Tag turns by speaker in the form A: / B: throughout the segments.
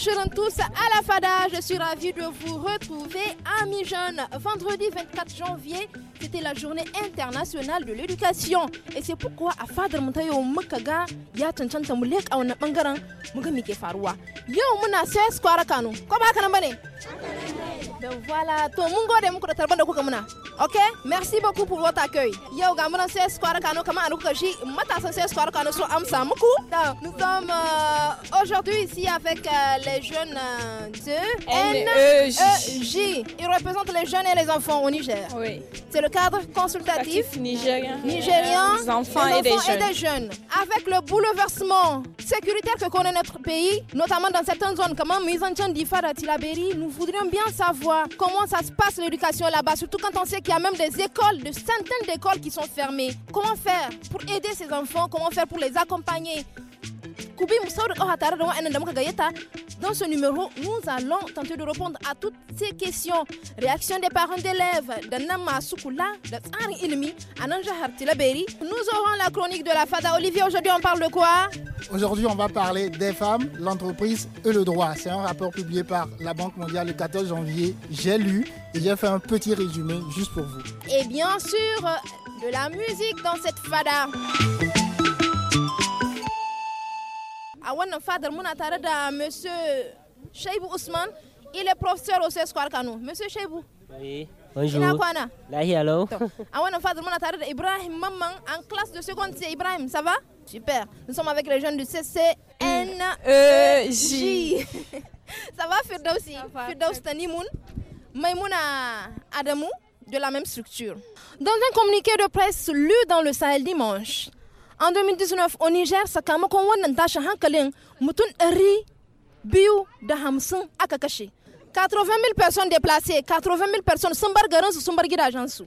A: Bonjour tous à la FADA, je suis ravie de vous retrouver, amis jeunes. Vendredi 24 janvier, c'était la journée internationale de l'éducation. Et c'est pourquoi à FADA, Moutayo, Mukaga, ya a wani faruwa. Yau muna sai Kano, ko ba de nan bane? Donc voilà, to mun gode muku da ok merci beaucoup pour votre accueil nous sommes euh, aujourd'hui ici avec euh, les jeunes euh, de NEJ ils représentent les jeunes et les enfants au Niger oui c'est le cadre consultatif nigérien nigérien des enfants, et, des, jeunes avec le bouleversement sécuritaire que connaît notre pays notamment dans certaines zones comme Mizantian Difa Tilaberi nous voudrions bien savoir comment ça se passe l'éducation là-bas surtout quand on sait il y a même des écoles, de centaines d'écoles qui sont fermées. Comment faire pour aider ces enfants Comment faire pour les accompagner dans ce numéro, nous allons tenter de répondre à toutes ces questions. Réaction des parents d'élèves, Nama Soukoula, Ilmi, Ananja Hartilaberi. Nous aurons la chronique
B: de la FADA. Olivier, aujourd'hui, on parle de quoi Aujourd'hui, on va parler des femmes, l'entreprise et le droit. C'est un rapport publié par la Banque mondiale le 14 janvier. J'ai lu et j'ai fait un petit résumé juste pour vous.
A: Et bien sûr, de la musique dans cette FADA a wannan fadar muna tare da Monsieur Shaibu Usman, il est professeur au CESCOR Kano. Monsieur Cheibou.
C: Oui. Bonjour. Ina kwana. Lahiya lau.
A: Ibrahim Maman. en classe de seconde. C'est Ibrahim, ça va? Super. Nous sommes avec les jeunes du CCNEJ. E ça va Firdausi? Firdaus Tanimoun. Maimouna Adamou de la même structure. Dans un communiqué de presse lu dans le Sahel dimanche, en 2019, au Niger, sakamakon wannan tashin hankalin mutun ɗari da hamsin aka 80 000 personnes déplacées, 80 000 personnes sont bar garinsu sun bar gidajensu.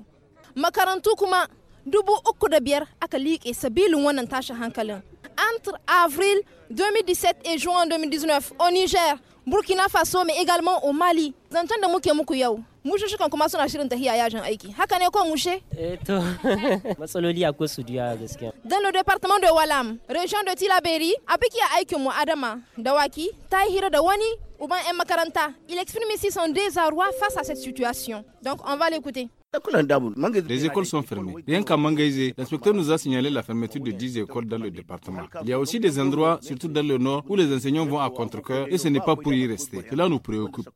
A: Makarantu kuma dubu uku da biyar aka liƙe sabilin tashin hankalin. Entre avril 2017 et juin 2019, au Niger, burkina faso mais également au mali zancen da muke muku yau shukan kuma suna shirin tahiya yajin aiki haka ne ko mushe
C: eh to matsaloli akwai su diya gaskiya
A: dans le département de walam région de tilaberi a biki a aikin mu adama dawaki ta hira da wani uban ɗan makaranta il exprime ici son désarroi face à cette situation donc on va l'écouter
D: les écoles sont fermées. Rien qu'à Mangaise, l'inspecteur nous a signalé la fermeture de 10 écoles dans le département. Il y a aussi des endroits, surtout dans le nord, où les enseignants vont à contre et ce n'est pas pour y rester. Cela nous préoccupe.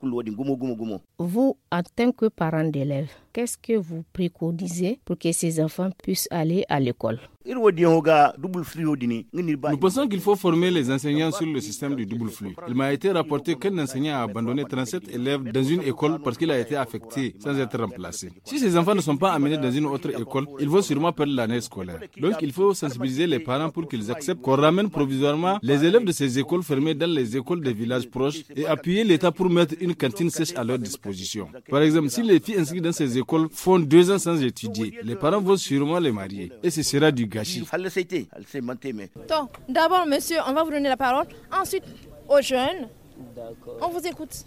E: Vous, en tant que parents d'élèves, qu'est-ce que vous préconisez pour que ces enfants puissent aller à
D: l'école nous pensons qu'il faut former les enseignants sur le système du double flux. Il m'a été rapporté qu'un enseignant a abandonné 37 élèves dans une école parce qu'il a été affecté sans être remplacé. Si ces enfants ne sont pas amenés dans une autre école, ils vont sûrement perdre l'année scolaire. Donc il faut sensibiliser les parents pour qu'ils acceptent qu'on ramène provisoirement les élèves de ces écoles fermées dans les écoles des villages proches et appuyer l'État pour mettre une cantine sèche à leur disposition. Par exemple, si les filles inscrites dans ces écoles font deux ans sans étudier. Les parents vont sûrement les marier et ce sera du gâchis.
A: Donc, d'abord, monsieur, on va vous donner la parole. Ensuite, aux jeunes. On vous écoute.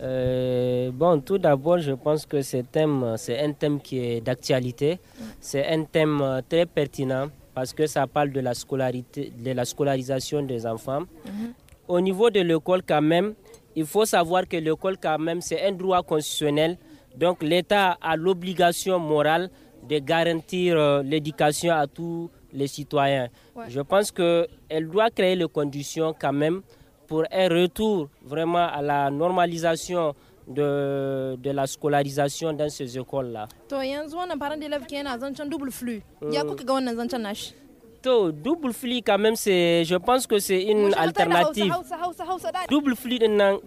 C: Euh, bon, tout d'abord, je pense que ce thème, c'est un thème qui est d'actualité. C'est un thème euh, très pertinent parce que ça parle de la, scolarité, de la scolarisation des enfants. Mhm. Au niveau de l'école, quand même, il faut savoir que l'école, quand même, c'est un droit constitutionnel donc l'État a l'obligation morale de garantir l'éducation à tous les citoyens. Je pense qu'elle doit créer les conditions quand même pour un retour vraiment à la normalisation de, de la scolarisation dans ces écoles-là. to double flux quand même c'est je pense que c'est une alternative double flux, din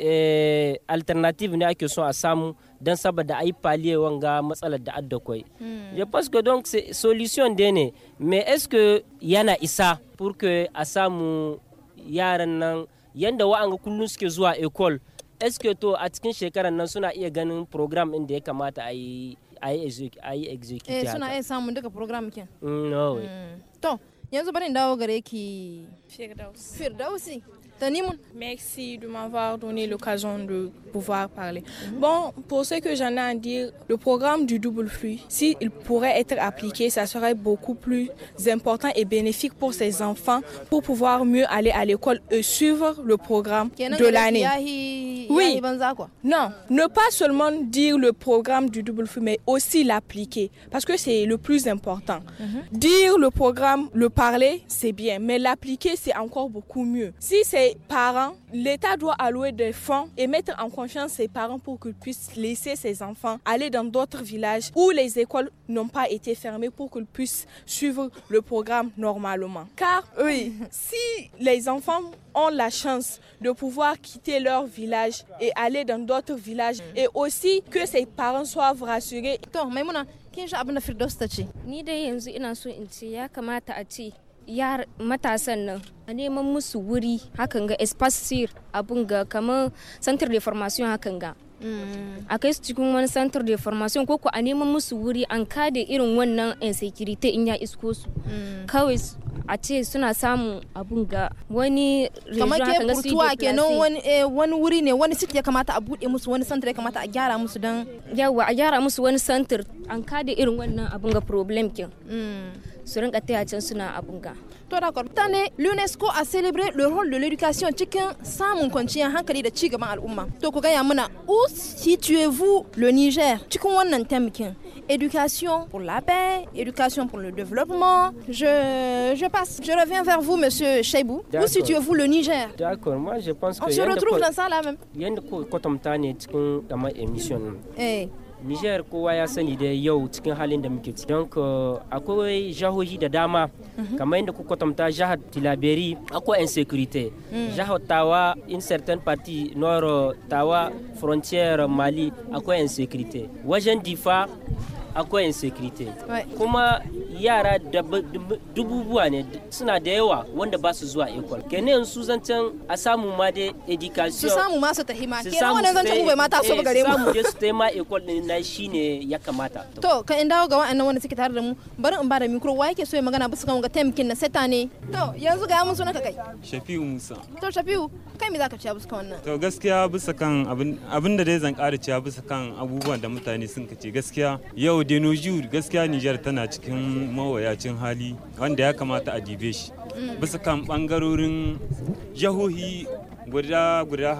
C: Eh, alternative ne ake son a samu don saboda a yi palier wanga matsalar da adda kwai hmm. je pense que donc solution dai ne mais est ce que yana isa pour que a samu yaran nan yanda wa'anga kullum suke zuwa école est ce que to a cikin shekarar nan suna iya ganin program inda da ya kamata a yi a yi execute eh suna iya
A: samun duka program kin
C: mm, no hmm.
A: to yanzu bari dawo gare ki
F: firdausi Merci de m'avoir donné l'occasion de pouvoir parler. Bon, pour ce que j'en ai à dire, le programme du double flux, s'il pourrait être appliqué, ça serait beaucoup plus important et bénéfique pour ces enfants pour pouvoir mieux aller à l'école et suivre le programme de l'année. Oui. Non, ne pas seulement dire le programme du double flux, mais aussi l'appliquer, parce que c'est le plus important. Mhm. Dire le programme, le parler, c'est bien, mais l'appliquer, c'est encore beaucoup mieux. Si c'est parents, l'État doit allouer des fonds et mettre en confiance ses parents pour qu'ils puissent laisser ses enfants aller dans d'autres villages où les écoles n'ont pas été fermées pour qu'ils puissent suivre le programme normalement. Car oui, si les enfants ont la chance de pouvoir quitter leur village et aller dans
E: d'autres villages et aussi que ses parents soient rassurés. yar matasan nan a neman musu wuri hakan ga espasir abin ga kamar santar de formation hakan ga mm. a kai su cikin wani santar de formation ko a neman musu wuri an kada irin wannan insecurity in ya isko su mm. kawai a ce suna samun abun ga wani kamar ke furtuwa kenan wani
A: eh, wani wuri ne wani siti ya kamata a bude
E: musu wani santar ya kamata a gyara musu dan. yawa a gyara musu wani santar an kada irin wannan abun ga problem kin
G: mm.
E: su rinka taya can suna abun ga to da ne l'unesco
A: a célébré le rôle de l'éducation cikin samun kwanciyar hankali da cigaban al'umma to ku gaya mana où situez-vous le niger cikin wannan tamikin éducation pour la paix éducation pour le développement je, je passe je reviens vers vous monsieur Cheibou où situez-vous le niger
C: d'accord moi je pense que on se retrouve dans ça là même yanda ko kwatamta ne émission eh Niger kowa ya sani da yau cikin halin da muke ciki. Don akwai jahohi da dama mhm. kamar yadda ku kwatanta jihar Tilaberi akwai insécurité. Mm. Jihar Tawa in certain partie nord Tawa frontière Mali akwai insécurité. Wajen Difa akwai insecurity kuma yara dububuwa ne suna da yawa wanda ba su zuwa ekol Kene yanzu zancen a samu ma da education su samu
A: masu ta hima ma kenan wannan zancen bai mata so eh, gare mu samu je
C: su tafi ma ekwal ne na shine ya kamata to
A: ka in dawo ga wa'annan wanda suke tare da mu bari in ba da mikro wa yake so ya magana bisa kan ga temkin na seta ne to yanzu ga mun ka kai
H: shafiu musa
A: to shafiu kai me zaka ci bisa kan wannan
H: to gaskiya bisa kan abin da dai zan ƙara ciya bisa kan abubuwan da mutane sun kace gaskiya yau yau denojur gaskiya nijar tana cikin mawayacin hali wanda ya kamata a dibe shi mm. bisa kan bangarorin jahohi guda guda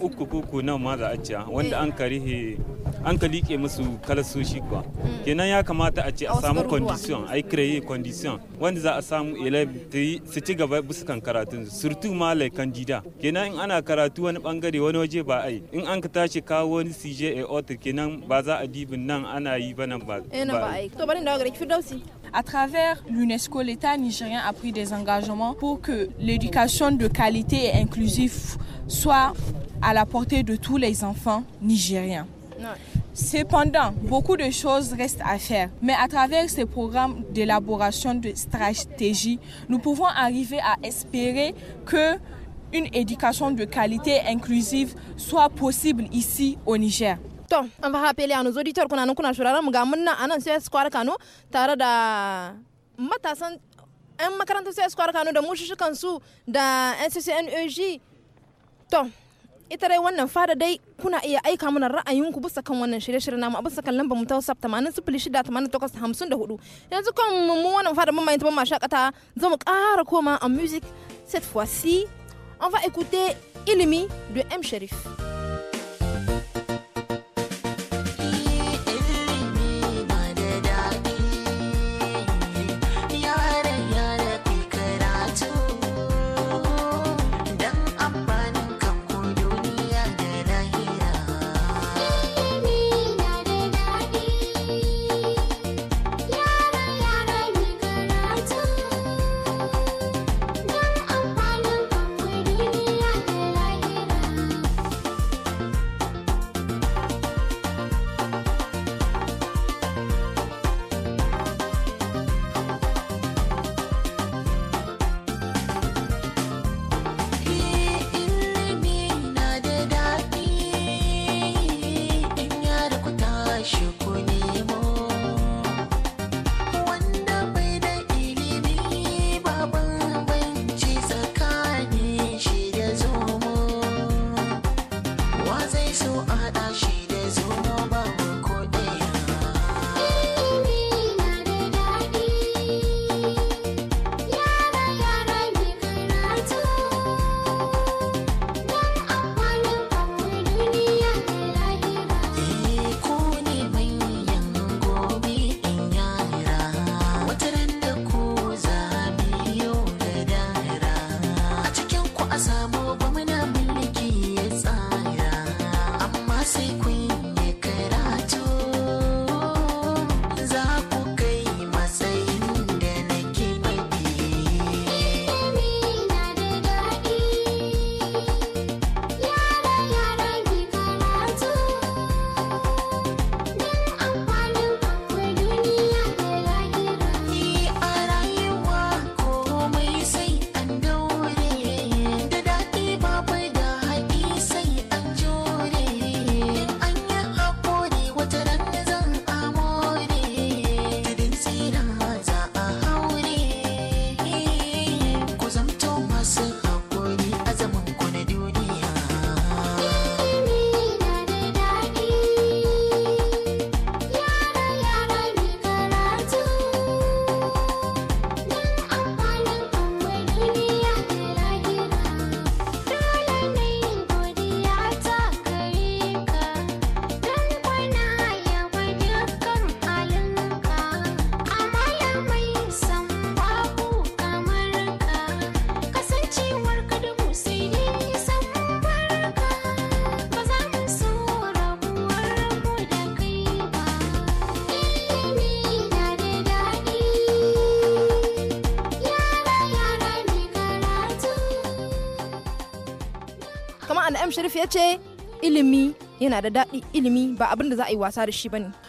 H: uku kuku nan ma za a ciya wanda an karihe an ka liƙe musu kalasoshi kuwa mm. kenan ya kamata a ce a samu condition a yi kreye condition wanda za a samu elebe su ci gaba buskan karatun surtu ma lai kandida kenan in ana karatu wani bangare wani waje ba a yi in an ka tashi kawo wani cj a kenan ba za a dibin nan ana yi ba nan ba eh,
F: to bari da firdausi À travers l'UNESCO, l'État nigérien a pris des engagements pour que l'éducation de qualité et inclusive soit à la portée de tous les enfants nigériens. Cependant, beaucoup de choses restent à faire, mais à travers ces programmes d'élaboration de stratégie, nous pouvons arriver à espérer que une éducation de qualité inclusive soit possible ici au Niger to
A: an fa appeler à nos auditeurs qu'on a kuna qu'on a ga mun nan anan c'est square Kano tare da matasan en makarantar c'est square Kano da mushushukan su da nccnej to itare wannan fara dai kuna iya aika mana ra'ayinku bisa kan wannan shirye-shirye namu a bisa kan lambar mu ta WhatsApp 80688854 yanzu kan mu wannan fara mun mai ta ma shakata za mu ƙara koma a music cette fois-ci on va écouter Ilimi de M Sherif.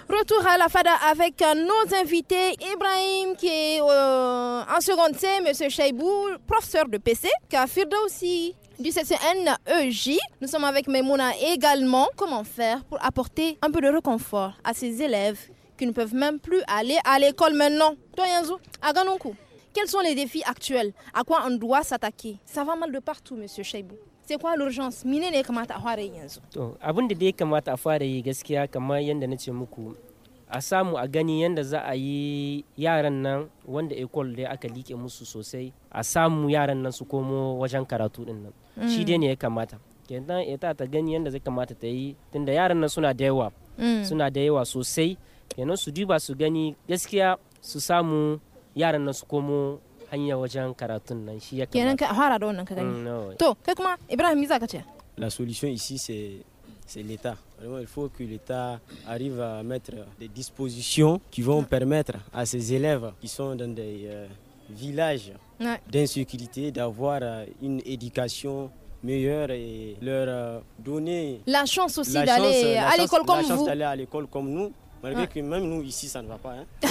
A: Retour à la fada avec nos invités Ibrahim qui est euh, en seconde C, Monsieur Chaibou, professeur de PC, Kafirda aussi du CCNEJ. Nous sommes avec Memouna également. Comment faire pour apporter un peu de réconfort à ces élèves qui ne peuvent même plus aller à l'école maintenant Toi Yanzou, à quels sont les défis actuels À quoi on doit s'attaquer Ça va mal de partout, Monsieur Chaibou. sai kwa l'urgence mine ne kamata a fara yi yanzu
C: to abin da dai kamata a fara yi gaskiya kamar yadda na ce muku a samu a gani yadda za a yi yaran nan wanda ecole dai aka liƙe musu sosai a samu yaran nan su komo wajen karatu din nan mm. shi dai ne ya kamata kenan ita ta gani yadda zai kamata ta yi tunda yaran nan suna da yawa mm. suna da yawa sosai kenan su duba su gani gaskiya su samu yaran nan su komo
D: la solution ici c'est l'État. il faut que l'État arrive à mettre des dispositions qui vont permettre à ces élèves qui sont dans des euh, villages d'insécurité d'avoir euh, une éducation meilleure et leur euh, donner
A: la chance aussi d'aller à l'école comme vous. La chance d'aller
D: à l'école comme nous. Malgré que même nous, ici, ça ne va pas. Hein.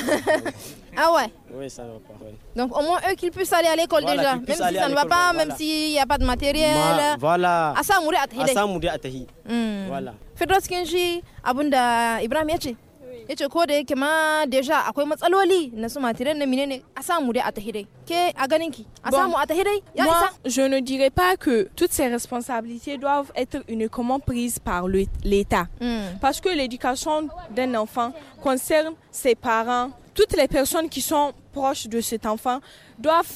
D: ah ouais Oui, ça ne va pas.
A: Donc au moins, eux qu'ils puissent aller à l'école déjà. Même si ça ne va pas, même s'il n'y a pas de matériel.
D: voilà. Asa ça, on hmm. Voilà.
A: Fedros Kenji, Abunda Ibrahim Yachi ya
F: je ne dirais pas que toutes ces responsabilités doivent être uniquement prises par l'État hmm. parce que l'éducation d'un enfant concerne ses parents toutes les personnes qui sont proches de cet enfant doivent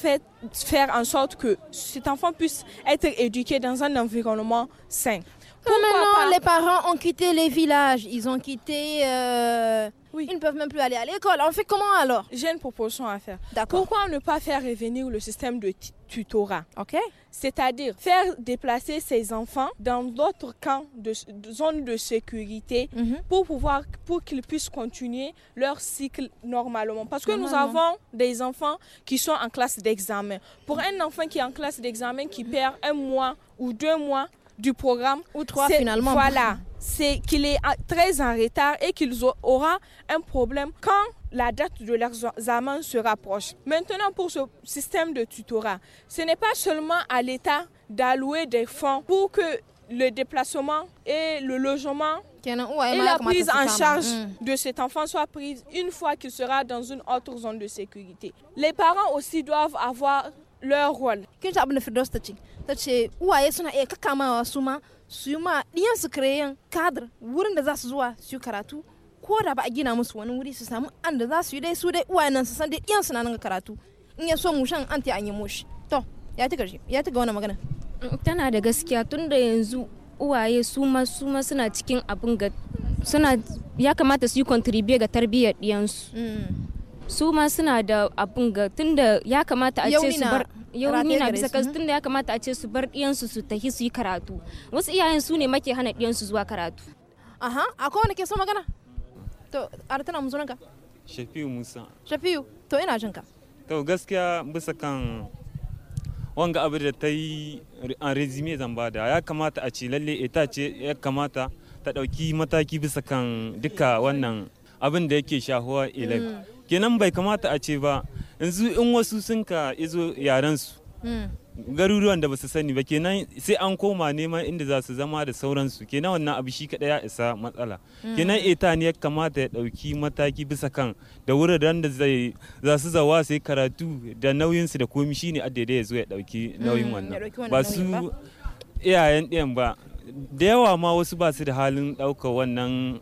F: faire en sorte que cet enfant puisse être éduqué dans un environnement sain. Pourquoi les parents
A: ont quitté les villages, ils ont quitté... Euh, oui. Ils ne peuvent même plus aller à l'école. On fait comment
F: alors J'ai une proposition à faire. D'accord. Pourquoi ne pas faire revenir le système de tutorat Ok. C'est-à-dire faire déplacer ces enfants dans d'autres camps de, zones de sécurité mhm. pour pouvoir pour qu'ils puissent continuer leur cycle normalement. Parce que nous avons des enfants qui sont en classe d'examen. Pour un enfant qui est en classe d'examen qui perd un mois ou deux mois du programme. Ou trois finalement. Voilà, c'est qu'il est très en retard et qu'il aura un problème quand la date de l'examen se rapproche. Maintenant, pour ce système de tutorat, ce n'est pas seulement à l'État d'allouer des fonds pour que le déplacement et le logement et la prise en charge mm. de cet enfant soit prise une fois qu'il sera dans une autre zone de sécurité. Les parents aussi doivent avoir leur rôle kin abin da firdaus ta ce ta ce uwaye suna iya e kakamawa su ma su yi ma ɗiyan su kireyen
A: kadir wurin da za su zuwa su yi karatu ko da ba a gina musu wani wuri su samu an da za su yi dai su dai uwaye nan su san dai ɗiyan su na nan karatu in ya so mu shan an ta an yi moshi to ya ta karshe
E: ya ta ga wani magana mm, tana da gaskiya tun da yanzu uwaye su ma su ma suna cikin abin ga suna ya kamata su yi contribute ga tarbiyyar ɗiyansu mm. su ma suna da abun ga tunda ya kamata a ce su bar yau na bisa kansu hmm? tunda ya kamata a ce su bar diyansu su tafi su yi karatu wasu iyayen su ne make hana diyansu zuwa karatu aha akwai wanda ke so magana to artana mu sunanka
H: shafiu musa
A: shafiu to ina jin ka
H: to gaskiya bisa kan wanga abu da ta yi an resume zan bada ya kamata a ce lalle ita ce ya kamata ta ɗauki mataki bisa kan duka wannan abin da yake shahuwa ilai hmm. kenan bai kamata a ce ba yanzu in wasu sun ka izo yarensu hmm. garuruwan da ba sani ba kenan sai an koma neman inda za su zama da sauransu kenan wannan abu shi kaɗai ya isa matsala hmm. kenan eta ne ya kamata ya ɗauki mataki bisa kan da wuraren da za su zawa sai karatu da nauyin su da komi shine adada ya zo ya ɗauki nauyin hmm, wannan ba su iyayen ɗiyan ba da yawa ma wasu ba su da halin ɗaukar wannan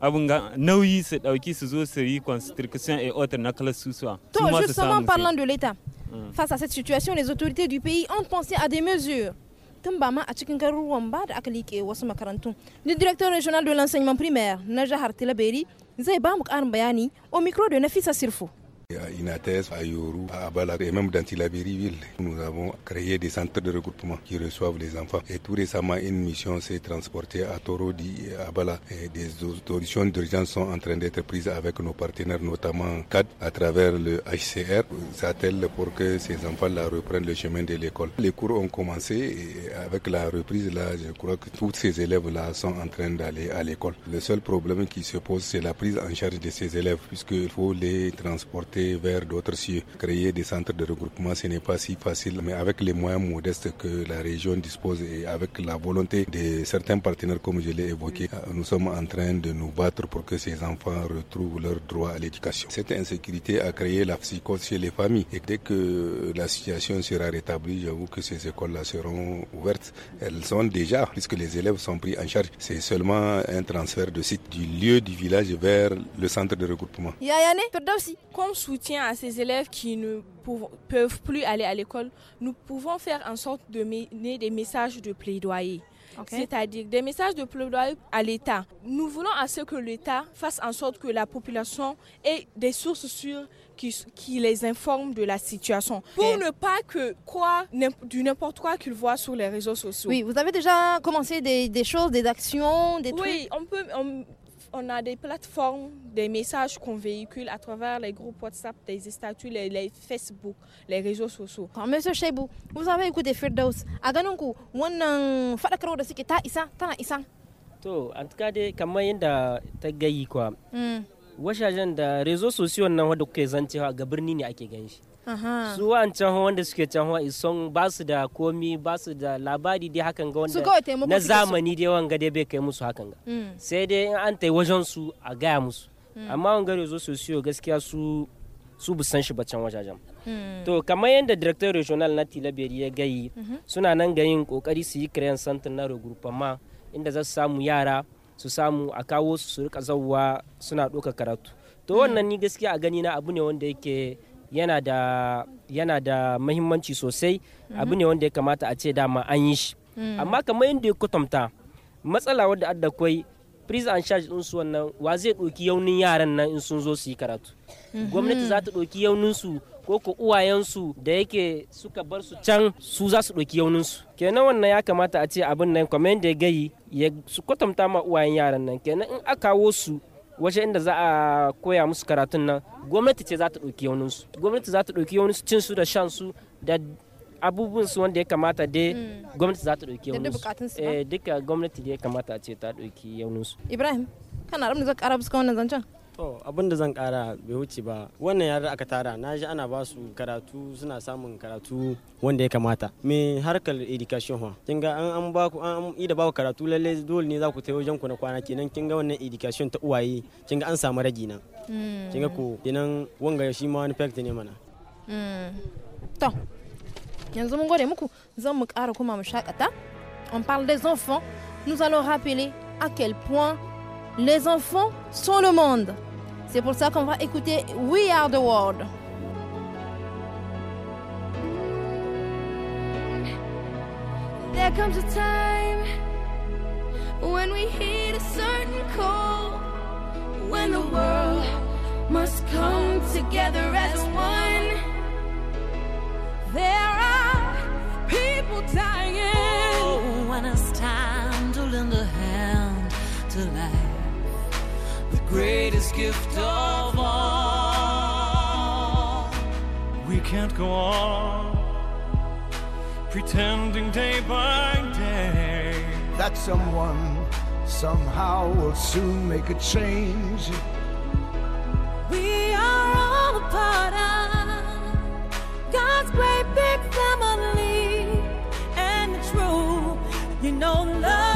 H: abin ga nauyi su dauki su su yi constriction et autres nakala kala susuwa justement parlant de l'état mm.
A: face à cette situation les autorités du pays ont pensé à des mesures tun a cikin garuruwan ba da aka liƙe wasu makarantu. directeur régional de l'enseignement primaire Najahart Tilaberi zai ba au micro de Nafisa Sirfo
I: à Inates, à Yoru, à Abala et même dans Tilabiriville, Nous avons créé des centres de regroupement qui reçoivent les enfants. Et tout récemment, une mission s'est transportée à Toro et Abala Et des auditions d'urgence sont en train d'être prises avec nos partenaires, notamment CAD, à travers le HCR, pour que ces enfants-là reprennent le chemin de l'école. Les cours ont commencé et avec la reprise, là, je crois que tous ces élèves-là sont en train d'aller à l'école. Le seul problème qui se pose, c'est la prise en charge de ces élèves, puisqu'il faut les transporter vers d'autres cieux. Créer des centres de regroupement, ce n'est pas si facile, mais avec les moyens modestes que la région dispose et avec la volonté de certains partenaires, comme je l'ai évoqué, euh, nous sommes en train de nous battre pour que ces enfants retrouvent leur droit à l'éducation. Cette insécurité a créé la psychose chez les familles et dès que la situation sera rétablie, j'avoue que ces écoles-là seront ouvertes. Elles sont déjà, puisque les élèves sont pris en charge. C'est seulement un transfert de site du lieu du village vers le centre de regroupement
F: soutien à ces élèves qui ne peuvent plus aller à l'école, nous pouvons faire en sorte de mener des messages de plaidoyer. C'est-à-dire des messages de plaidoyer à l'État. Nous voulons à ce que l'État fasse en sorte que la population ait des sources sûres qui, qui les informent de la situation. Pour ne pas que quoi, du n'importe quoi qu'ils voient sur les réseaux sociaux. Oui, vous avez
A: déjà commencé des, choses, des actions, des trucs. Oui,
F: on peut, on a des plateformes, des messages qu'on véhicule à travers les groupes WhatsApp, les statuts, les, les Facebook, les réseaux sociaux. Monsieur
A: Cheibou, vous avez écouté Firdaus. A fait ku wannan de da suke ta isa tana isa.
C: To, an tuka dai kamar yadda ta de kwa. Washajen da rezo sosiyon nan wadda kuke zancewa ga birni ne ake gan shi. su an can wanda suke can hawa ison ba su da komi ba su da labari dai hakan ga wanda na zamani dai wanga dai bai kai musu hakan ga mm. sai dai in an tai wajen su a gaya musu mm. amma wanga da zo su siyo gaskiya su su bu san shi ba can wajajen mm. to kamar yadda director regional na tilaberi ya gayi mm-hmm. suna nan ga yin kokari su yi kiran santin na regroupement inda za su samu yara su samu a kawo su su rika zauwa suna ɗauka karatu to wannan ni gaskiya a gani na abu ne wanda yake yana da yana mahimmanci sosai abu ne wanda ya kamata a ce dama an yi shi mm. amma kamar yadda ya kutamta matsala wadda adda kwai prison and charge din su wannan wa zai ɗoki yaunin yaran nan in sun zo su yi karatu mm-hmm. gwamnati za ta ɗoki yaunin su ko ko uwayensu da yake suka bar su can su za su ɗoki yaunin su kenan wannan ya kamata a ce abin nan kamar yadda ya gayi ya su kwatanta ma uwayen yaran nan kenan in aka kawo su wajen inda za a koya musu karatun nan gwamnati ce za ta ɗauki yauninsu gwamnati za ta ɗauki yauninsu cinsu da shansu da abubuwan su wanda ya kamata dai hmm. gwamnati za ta ɗauki yauninsu eh, duka gwamnati da ya kamata ce ta ɗauki yauninsu
A: ibrahim kana ramni zaka ƙara bisa wannan zancen
D: To abin da zan kara bai wuce ba wannan yara aka tara na ji ana ba su karatu suna samun karatu wanda ya kamata. Me harkar education ha kin ga an an ba ku an ida ba ku karatu lalle dole ne za ku tayi ku na kwana kenan kin ga wannan education ta uwaye kin ga an samu ragi nan. Hmm. Kin ga ko kenan wanga shi ma wani fact ne mana.
A: Hmm. To yanzu mun gode muku zan mu kara kuma mu shakata. On parle des enfants, nous allons rappeler à quel point les enfants sont le monde. C'est pour ça qu'on va écouter We Are the World. There comes a time when we heed a certain call, when the world must come together as one.
G: There are people dying. Oh, when it's time to lend a hand to life greatest gift of all. We can't go on pretending day by day that someone somehow will soon make a change. We are all a part of God's great big family, and true, you know, love.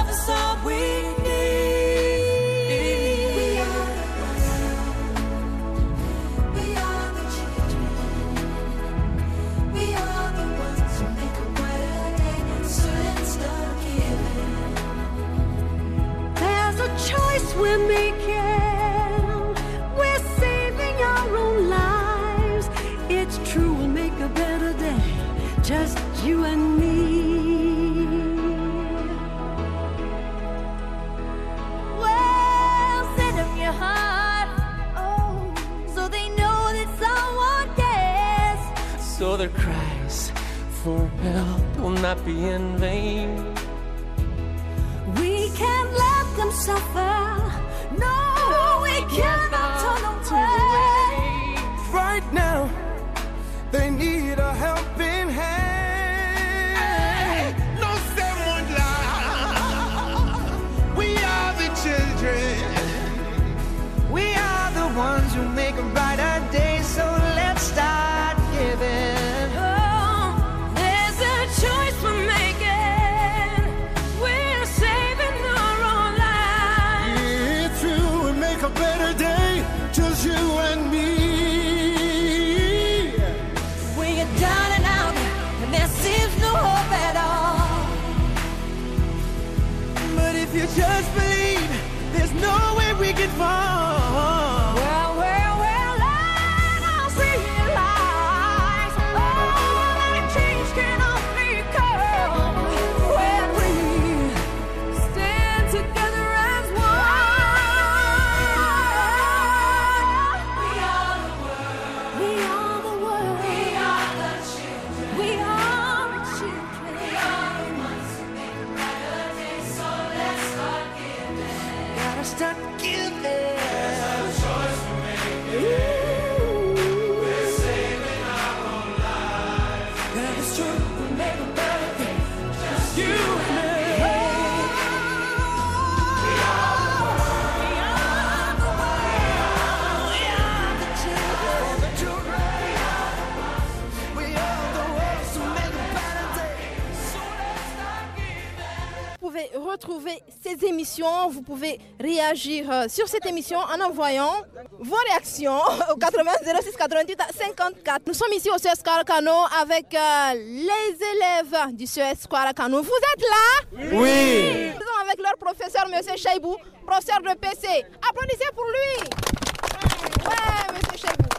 A: émissions. Vous pouvez réagir euh, sur cette émission en envoyant vos réactions au 80 06 54. Nous sommes ici au CES Cano avec euh, les élèves du CES Cano. Vous êtes là oui. Nous sommes avec leur professeur, Monsieur Chaibou, professeur de PC. Applaudissez pour lui. Ouais, Chaibou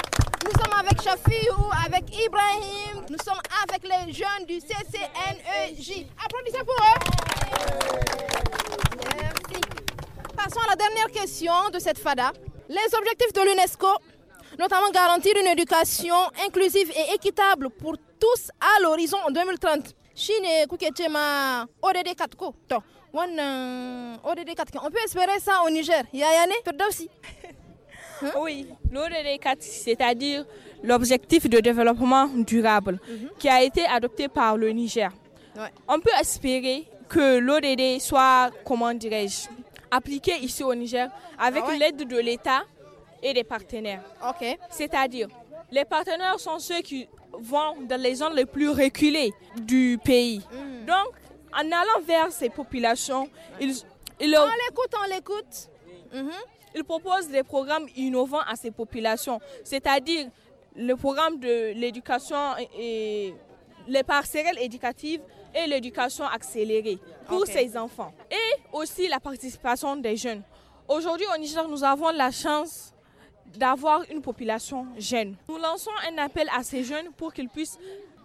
A: avec Shafiou, avec Ibrahim. Nous sommes avec les jeunes du CCNEJ. Applaudissez pour eux. Passons à la dernière question de cette FADA. Les objectifs de l'UNESCO, notamment garantir une éducation inclusive et équitable pour tous à l'horizon 2030. Chine, ODD 4 euh, on peut espérer ça
F: au Niger yaya Oui, l'ODD4, c'est-à-dire l'objectif de développement durable mhm. qui a été adopté par le Niger. On peut espérer que l'ODD soit, comment dirais-je, appliqué ici au Niger avec ah l'aide de l'État et des partenaires. Ok. C'est-à-dire, les partenaires sont ceux qui vont dans les zones les plus reculées du pays. Mm. Donc, en allant vers ces populations, ils... on l'écoute, on l'écoute. Mhm. Il propose des programmes innovants à ces populations, c'est-à-dire le programme de l'éducation et les parcelles éducatives et l'éducation accélérée pour ces enfants. Et aussi la participation des jeunes. Aujourd'hui au Niger, nous avons la chance d'avoir une population jeune. Nous lançons un appel à ces jeunes pour qu'ils puissent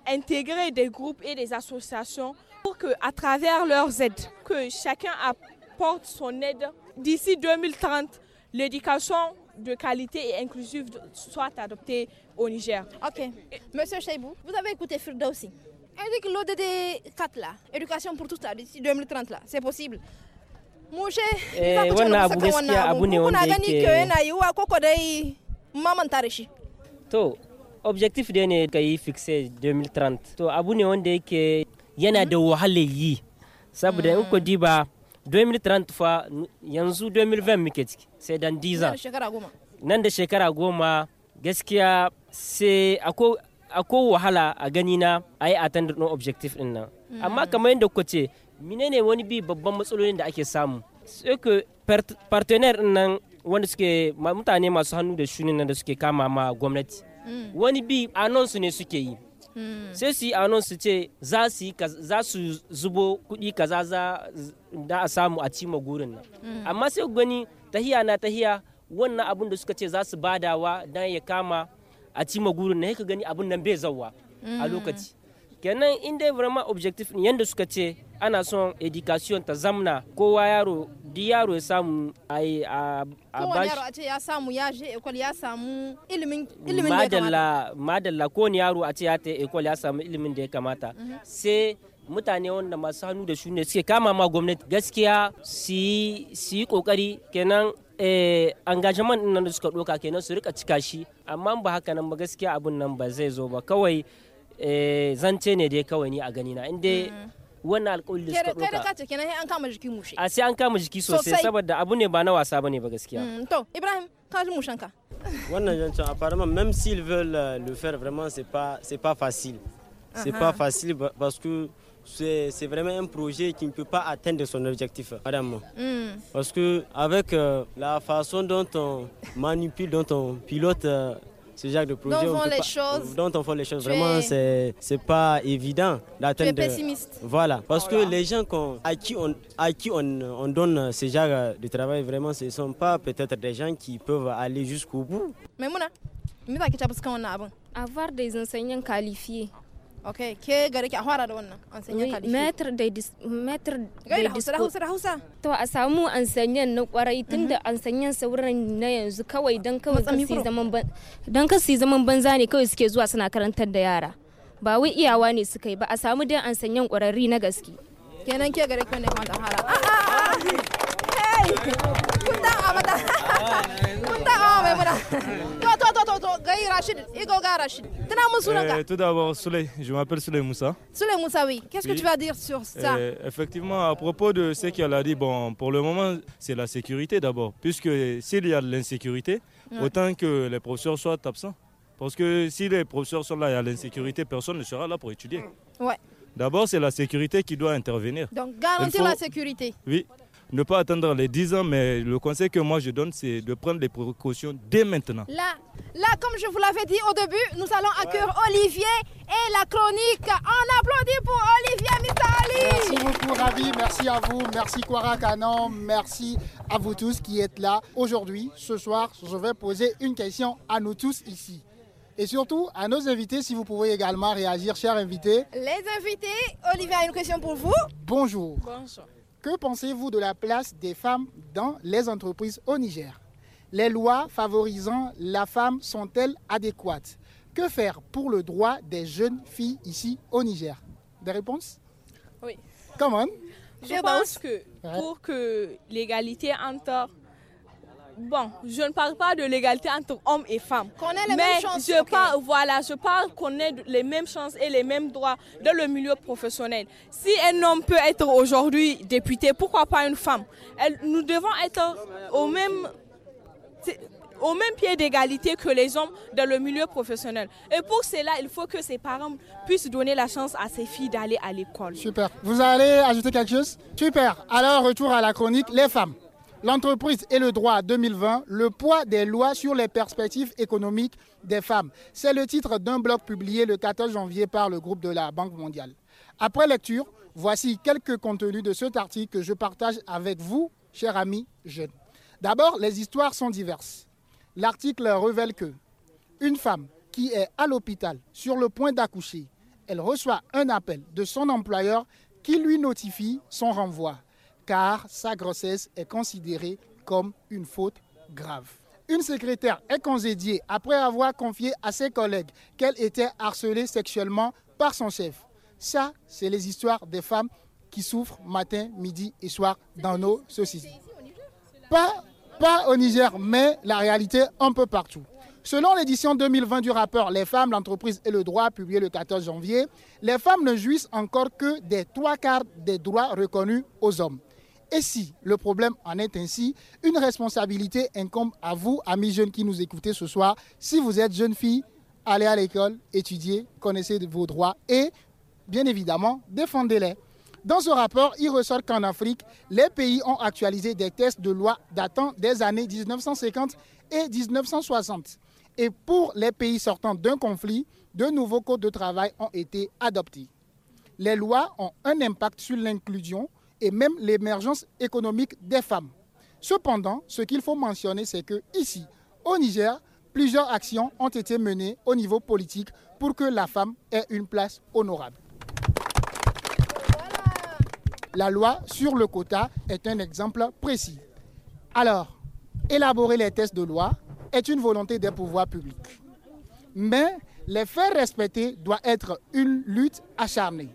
F: intégrer des groupes et des associations pour que, à travers leurs aides, que chacun apporte son aide d'ici 2030 l'éducation de qualité et inclusive soit adoptée au Niger. Ok. Monsieur Cheibou, vous avez écouté Firda aussi. Elle que l'ODD 4
A: là, éducation pour tous d'ici 2030 là, c'est possible. Mouche, eh, on abu gaskiya abu ne wanda
C: To, objectif de ne fixé 2030. To, abu ne y yake yana da hmm. wahalar yi. Saboda fixé en 2030. 2030 fa yanzu 2020 muke ciki sai dan diza nan da shekara goma gaskiya sai ko wahala a gani na a yi attend no objective din nan mm. amma kamar yadda kuka ce menene wani bi babban matsalolin da ake samu sai ku partenaire din nan wanda suke mutane masu hannu da shunin nan da suke kama ma gwamnati mm. wani bi anon su ne suke yi Mm. sai su yi anon su ce za su zubo kuɗi kaza za a samu a cima gurin nan mm. amma sai gani tahiya na tahiya wannan abun da suka ce za su badawa dan ya kama a cima gurin nan ka gani abun nan bai zauwa a mm. lokaci kenan inda vraiment objective ne yanda suka ce ana son education ta zamna kowa yaro duk yaro ya samu a bashi yaro a
A: ce ya samu ya je ekol ya samu ilimin da ya kamata
C: madalla kowane yaro a ce ya ta ekol ya samu ilimin da ya kamata sai mutane wanda masu hannu da shune suke kama ma gwamnati gaskiya su yi kokari kenan eh, engagement nan da suka doka kenan su rika cika shi amma ba haka nan ba gaskiya abun nan ba zai zo ba kawai eh, zance ne dai kawai ni a ganina inda mhm. wannan alƙawari da suka ɗauka. Kai da kace
A: kenan an kama jiki mushe. A ah, sai an kama jiki sosai saboda
C: abu ne ba na
D: wasa bane ba gaskiya. Mm,
A: to Ibrahim ka ji mushenka.
D: Wannan apparemment même s'ils veulent euh, le faire vraiment c'est pas c'est pas facile.
G: C'est pas facile
D: parce que c'est vraiment un projet qui ne peut pas atteindre son objectif, madame. Mm. Parce que avec euh, la façon dont on manipule, dont on pilote euh, ce genre de projet dont, on fait les choses. Vraiment, c'est c'est pas évident d'atteindre. Tu es pessimiste. Voilà, parce oh que les gens à qui on on, donne ce genre de travail, vraiment, ce ne sont pas peut-être des gens qui peuvent aller jusqu'au bout.
A: Mais avant.
E: avoir des enseignants qualifiés ok ke gare ki a fara da wannan an sanya ka da da metar da hausa da hausa da hausa to a samu an sanyan na kwarai tunda mhm. an sanyan sauran na yanzu kawai dan kawai su zaman ban dan kasu zaman banza ne kawai suke zuwa suna karantar da yara ba wai iyawa ne suka yi ba a samu dai an sanyan kwararri na gaske kenan ke gare ki wannan kamata
G: fara kun
A: dan a mata Eh,
H: tout d'abord je m'appelle Suley Moussa.
A: Suley Moussa oui. Qu'est-ce que tu vas dire sur ça eh,
H: Effectivement, à propos de ce qu'elle a dit, bon, pour le moment, c'est la sécurité d'abord, puisque s'il y a de l'insécurité, autant que les professeurs soient absents. Parce que si les professeurs sont là, il y a l'insécurité, personne ne sera là pour étudier. Ouais. D'abord, c'est la sécurité qui doit intervenir. Donc, garantir la sécurité. Oui ne pas attendre les 10 ans, mais le conseil que moi je donne, c'est de prendre les précautions dès maintenant.
A: Là, là comme je vous l'avais dit au début,
B: nous allons accueillir cœur Olivier et la chronique. On applaudit pour Olivier Mitali. Merci beaucoup, Ravi. Merci à vous. Merci, Kwara Canon. Merci à vous tous qui êtes là aujourd'hui. Ce soir, je vais poser une question à nous tous ici. Et surtout, à nos invités, si vous pouvez également réagir, chers invités. Les invités, Olivier a une question pour vous. Bonjour. Bonjour. Que pensez-vous de la place des femmes dans les entreprises au Niger Les lois favorisant la femme sont-elles adéquates Que faire pour le droit des jeunes filles ici au Niger Des réponses Oui. Comment Je pense que pour
F: que l'égalité entre bon, je ne parle pas de l'égalité entre hommes et femmes. Qu'on mais Je parle, voilà, je parle qu'on ait les mêmes chances et les mêmes droits dans le milieu professionnel. Si un homme peut être aujourd'hui député, pourquoi pas une femme Nous devons être au même au même pied d'égalité que les hommes dans le milieu professionnel. Et pour cela, il faut que ses parents puissent donner la chance à ses filles d'aller à l'école.
B: Super. Vous allez ajouter quelque chose Super. Alors, retour à la chronique, les femmes. L'entreprise et le droit 2020, le poids des lois sur les perspectives économiques des femmes. C'est le titre d'un blog publié le 14 janvier par le groupe de la Banque mondiale. Après lecture, voici quelques contenus de cet article que je partage avec vous, chers amis jeunes. D'abord, les histoires sont diverses. L'article révèle que une femme qui est à l'hôpital sur le point d'accoucher, elle reçoit un appel de son employeur qui lui notifie son renvoi car sa grossesse est considérée comme une faute grave. Une secrétaire est congédiée après avoir confié à ses collègues qu'elle était harcelée sexuellement par son chef. Ça, c'est les histoires des femmes qui souffrent matin, midi et soir dans nos sociétés. Pas, pas au Niger, mais la réalité un peu partout. Selon l'édition 2020 du rapport Les femmes, l'entreprise et le droit, publié le 14 janvier, les femmes ne jouissent encore que des trois quarts des droits reconnus aux hommes. Et si le problème en est ainsi, une responsabilité incombe à vous, amis jeunes qui nous écoutez ce soir. Si vous êtes jeune fille, allez à l'école, étudiez, connaissez vos droits et, bien évidemment, défendez-les. Dans ce rapport, il ressort qu'en Afrique, les pays ont actualisé des tests de loi datant des années 1950 et 1960. Et pour les pays sortant d'un conflit, de nouveaux codes de travail ont été adoptés. Les lois ont un impact sur l'inclusion, et même l'émergence économique des femmes. Cependant, ce qu'il faut mentionner, c'est que ici, au Niger, plusieurs actions ont été menées au niveau politique pour que la femme ait une place honorable. La loi sur le quota est un exemple précis. Alors, élaborer les tests de loi est une volonté des pouvoirs publics. Mais les faire respecter doit être une lutte acharnée.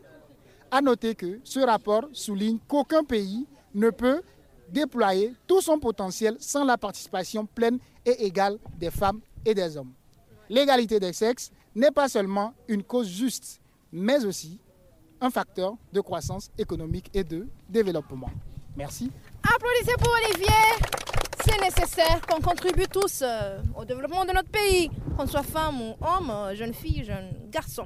B: À noter que ce rapport souligne qu'aucun pays ne peut déployer tout son potentiel sans la participation pleine et égale des femmes et des hommes. L'égalité des sexes n'est pas seulement une cause juste, mais aussi un facteur de croissance économique et de développement. Merci.
A: Applaudissez pour Olivier. C'est nécessaire qu'on contribue tous euh, au développement de notre pays, qu'on soit femme ou homme, euh, jeune fille, jeune garçon.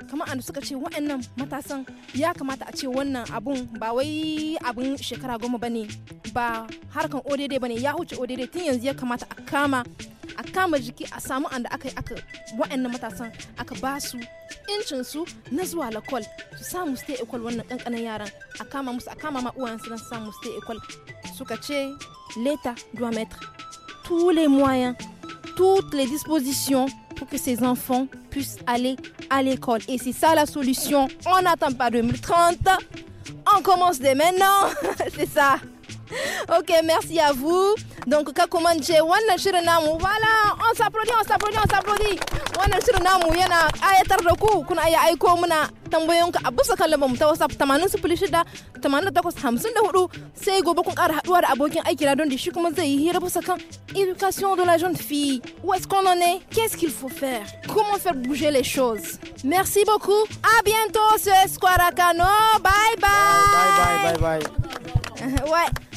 A: kamar an suka ce wa'annan matasan ya kamata a ce wannan abun ba wai abun shekara goma ba ne ba harkan odede ba ne ya huce odede tun yanzu ya kamata a kama a kama jiki a samu an da aka yi aka wa'annan matasan aka ba su incin su na zuwa lakol su samu stay equal wannan kankanan yaran a kama musu a kama ma uwayen su don samu stay equal suka ce l'état doit mettre tous les moyens toutes les dispositions pour que ces enfants puissent aller à l'école. Et c'est ça la solution. On n'attend pas 2030. On commence dès maintenant. c'est ça. Ok, merci à vous. Donc, Voilà, on s'applaudit, on s'applaudit, on s'applaudit wannan shirin namu yana ƙayatar da ku kuna iya aiko muna tambayoyinku a bisa kan lambar ta WhatsApp 806854 sai gobe kun ƙara haɗuwa da abokin aiki na don da shi kuma zai yi hira bisa kan éducation de la jeune fille. Où est-ce qu'on en est Qu'est-ce qu'il faut faire Comment faire bouger les choses Merci beaucoup. À bientôt ce Esquaracano. Bye bye.
D: Bye bye bye bye.
A: bye. ouais.